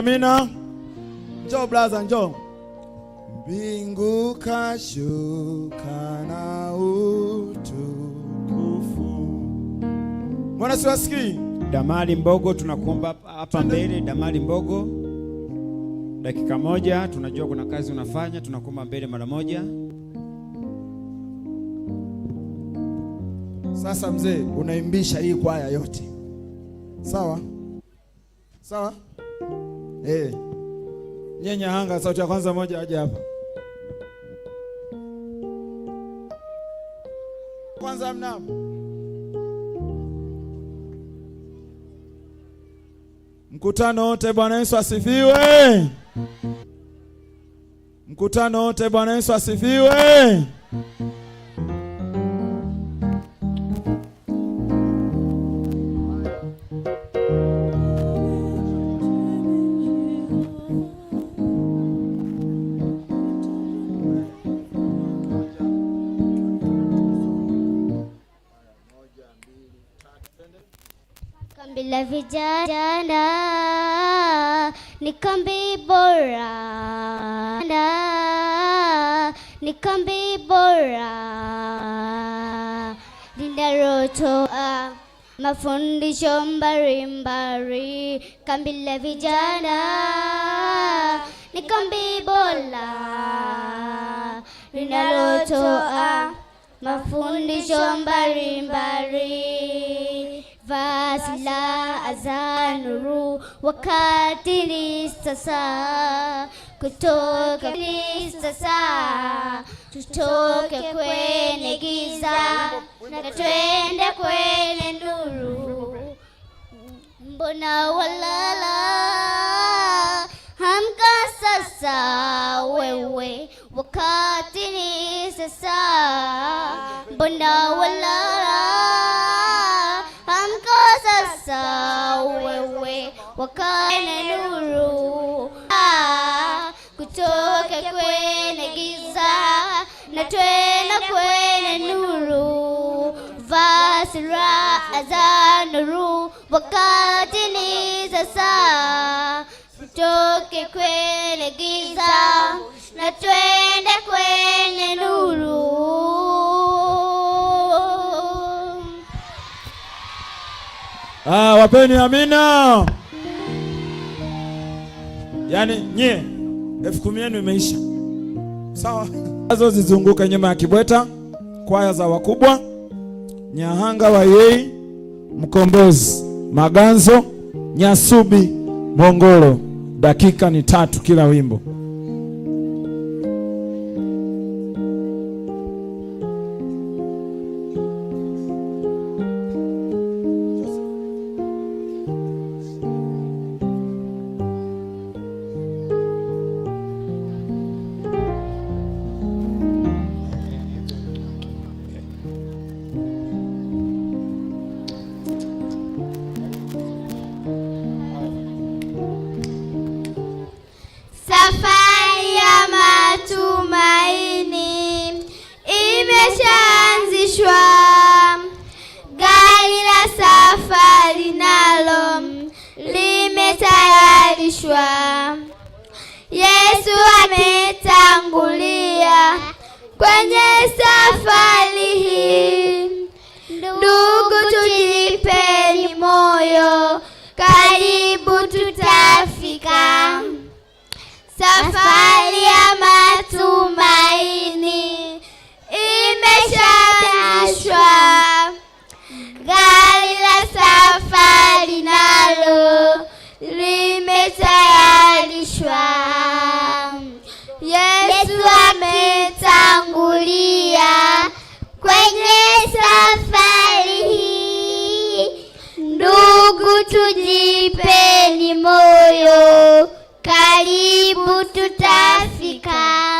Amina. Njoo brother, njoo. Mbingu kashuka na utukufu. Mwana siwasikii? Damali Mbogo tunakuomba hapa mbele, Damali Mbogo. Dakika moja, tunajua kuna kazi unafanya, tunakuomba mbele mara moja. Sasa mzee, unaimbisha hii kwaya yote. Sawa? Sawa? Eh. Nyenye hanga sauti ya kwanza moja aje hapa. Kwanza mnamo. Mkutano wote Bwana Yesu asifiwe. Mkutano wote Bwana Yesu asifiwe. la vijana ni kambi bora ni kambi bora linalotoa ah, mafundisho mbalimbali. Kambi la vijana ni kambi bora linalotoa ah, mafundisho mbalimbali vasila azanuru wakati sasa kutoka sasa tutoke kwenye giza na twende kwenye nuru. Mbona walala? Hamka sasa wewe, wakati ni sasa. Mbona walala? wakane nuru ah, kutoka kwenye giza na twenda kwenye nuru, vaa za nuru, wakati ni sasa. kutoke kwenye giza na twende kwenye nuru. Ah, wapeni amina. Yaani nye elfu kumi yenu imeisha, sawa. Azo zizunguke nyuma ya kibweta, kwaya za wakubwa Nyahanga wa Yei, Mkombozi, Maganzo, Nyasubi, Mongoro. Dakika ni tatu kila wimbo. kusulubishwa. Yesu ametangulia kwenye safari hii. Ndugu, tujipeni moyo, karibu tutafika. Safari ya matumaini imeshaanzishwa. Gari la safari nalo imetayarishwa. Yesu ametangulia kwenye safari hii. Ndugu, tujipeni moyo, karibu tutafika.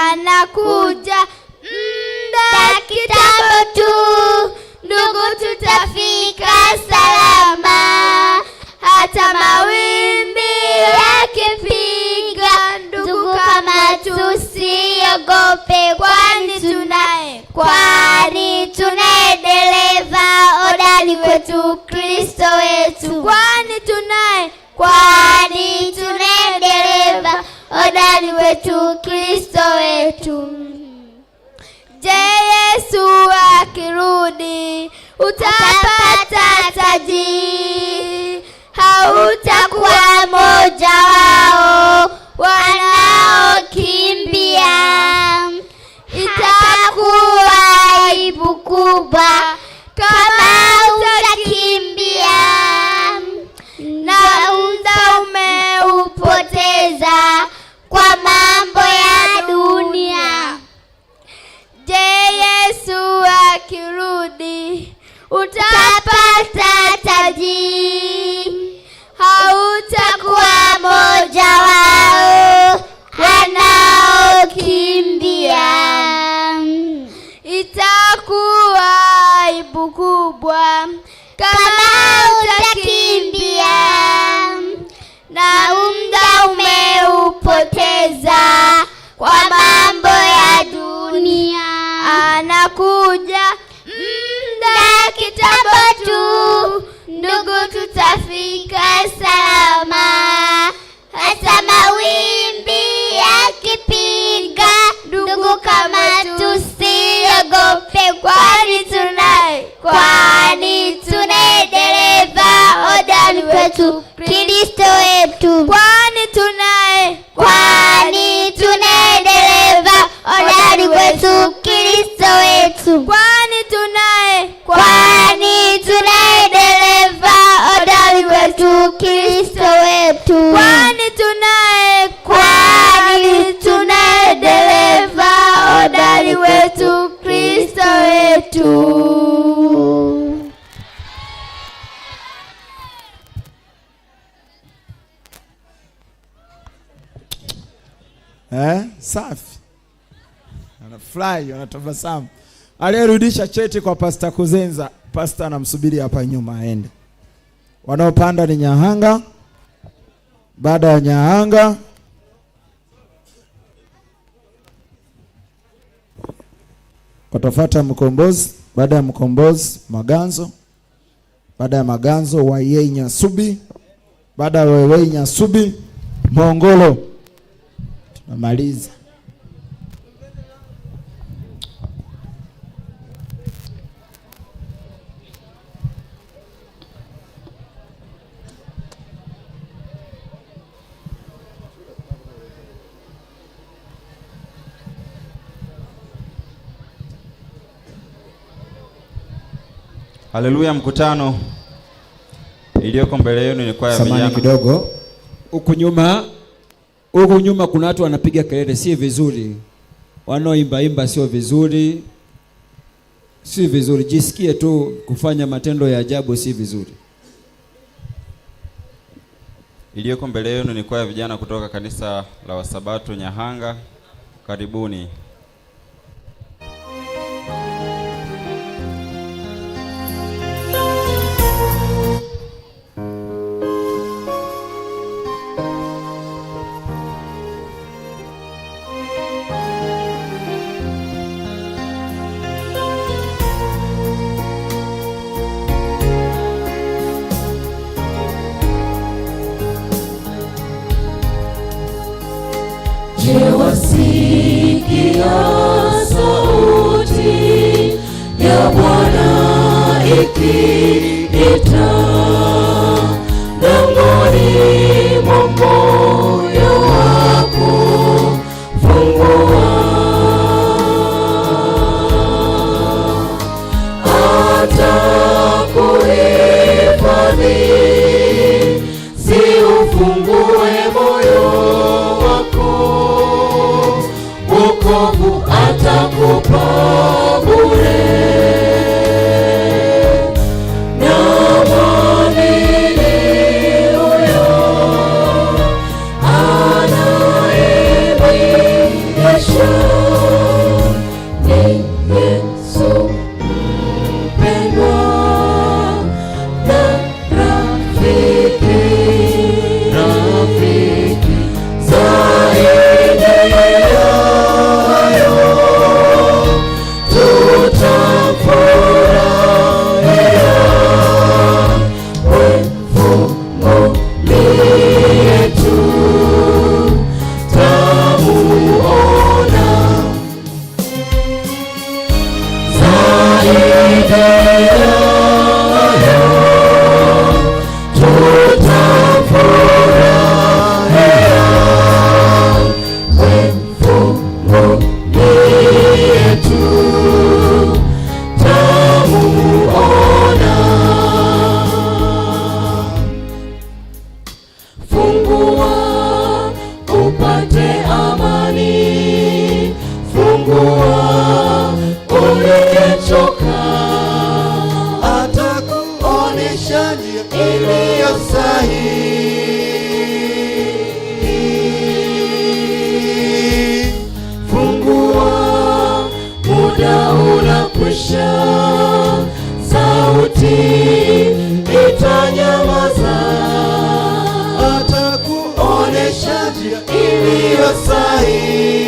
Anakuja mda kitambo tu, ndugu, tutafika salama hata mawingu kipiga ndugu kama tusiogope, kwani tunaye kwani tunaye dereva odani kwetu safi, wanafurahi, wanatabasamu. Aliyerudisha cheti kwa Pasta Kuzenza, pasta anamsubiri hapa nyuma aende. Wanaopanda ni Nyahanga. Baada ya Nyahanga watafata Mkombozi. Baada ya Mkombozi, Maganzo. Baada ya Maganzo, Wayei Nyasubi. Baada ya Wayei Nyasubi, Mongolo. Tunamaliza. Haleluya, mkutano iliyoko mbele yenu ni ya vijana. Kidogo huku nyuma, huku nyuma kuna watu wanapiga kelele, si vizuri. Wanaoimba imba sio vizuri, si vizuri. Jisikie tu kufanya matendo ya ajabu, si vizuri. Iliyoko mbele yenu ni ya vijana kutoka kanisa la Wasabato Nyahanga. Karibuni. kuchoka, atakuonesha njia iliyo sahihi. Fungua, muda unakwisha, sauti itanyamaza, atakuonesha njia iliyo sahihi.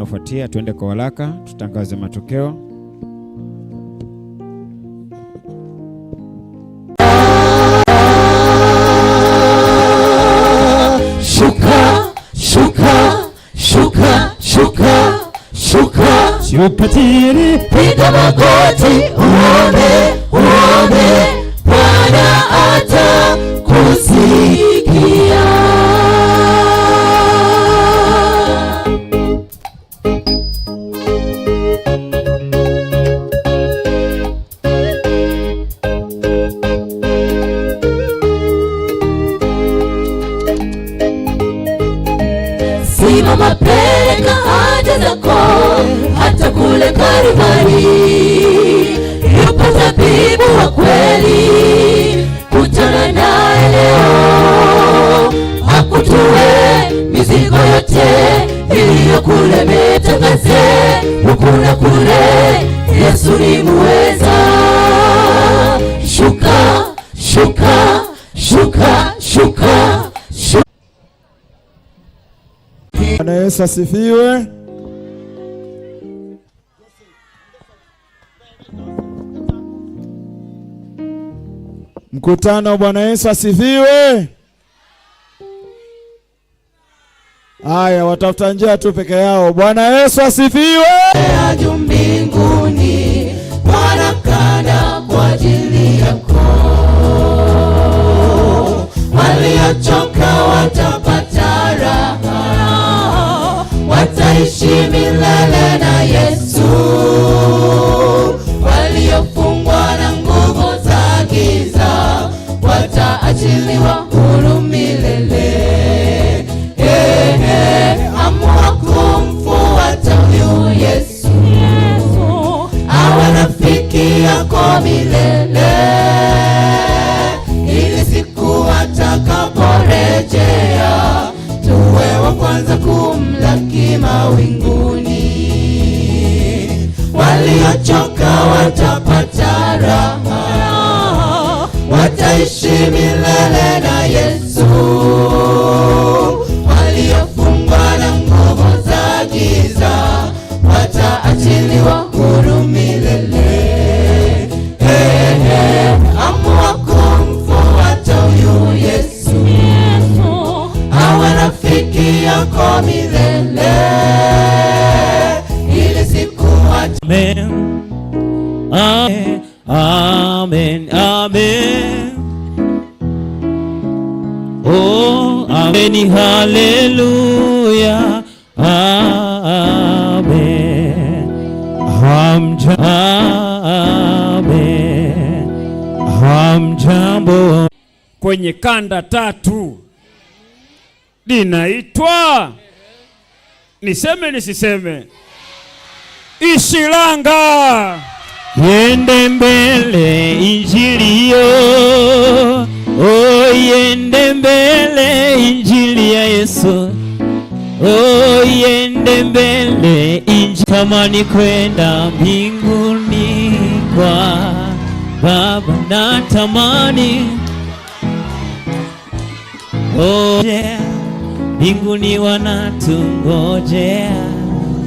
inayofuatia tuende kwa haraka tutangaze matokeo. Shuka, shuka, shuka, shuka, shuka. Shuka shuka, shuka, shuka Yesu asifiwe. Mkutano, Bwana Yesu asifiwe. Haya, watafuta njia tu peke yao. Bwana Yesu asifiwe. Juu waliochoka wata ataishi milele na Yesu. Waliofungwa na nguvu za giza wataachiliwa. Hamjambo. Kwenye kanda tatu linaitwa niseme nisiseme, Ishilanga yende mbele injili o oh, yende mbele injili ya Yesu oh, yende mbele injili, kama ni kwenda mbinguni kwa Baba, Baba natamani ojea mbinguni wanatungojea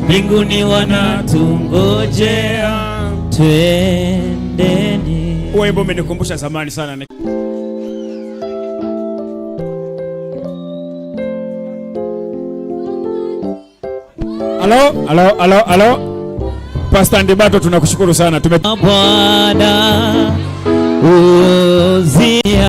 mbinguni wanatungojea twendeni. Wimbo umenikumbusha zamani sana. Halo, halo, halo, halo. Pastor Ndibato, tunakushukuru sana Tume... Bwana uzia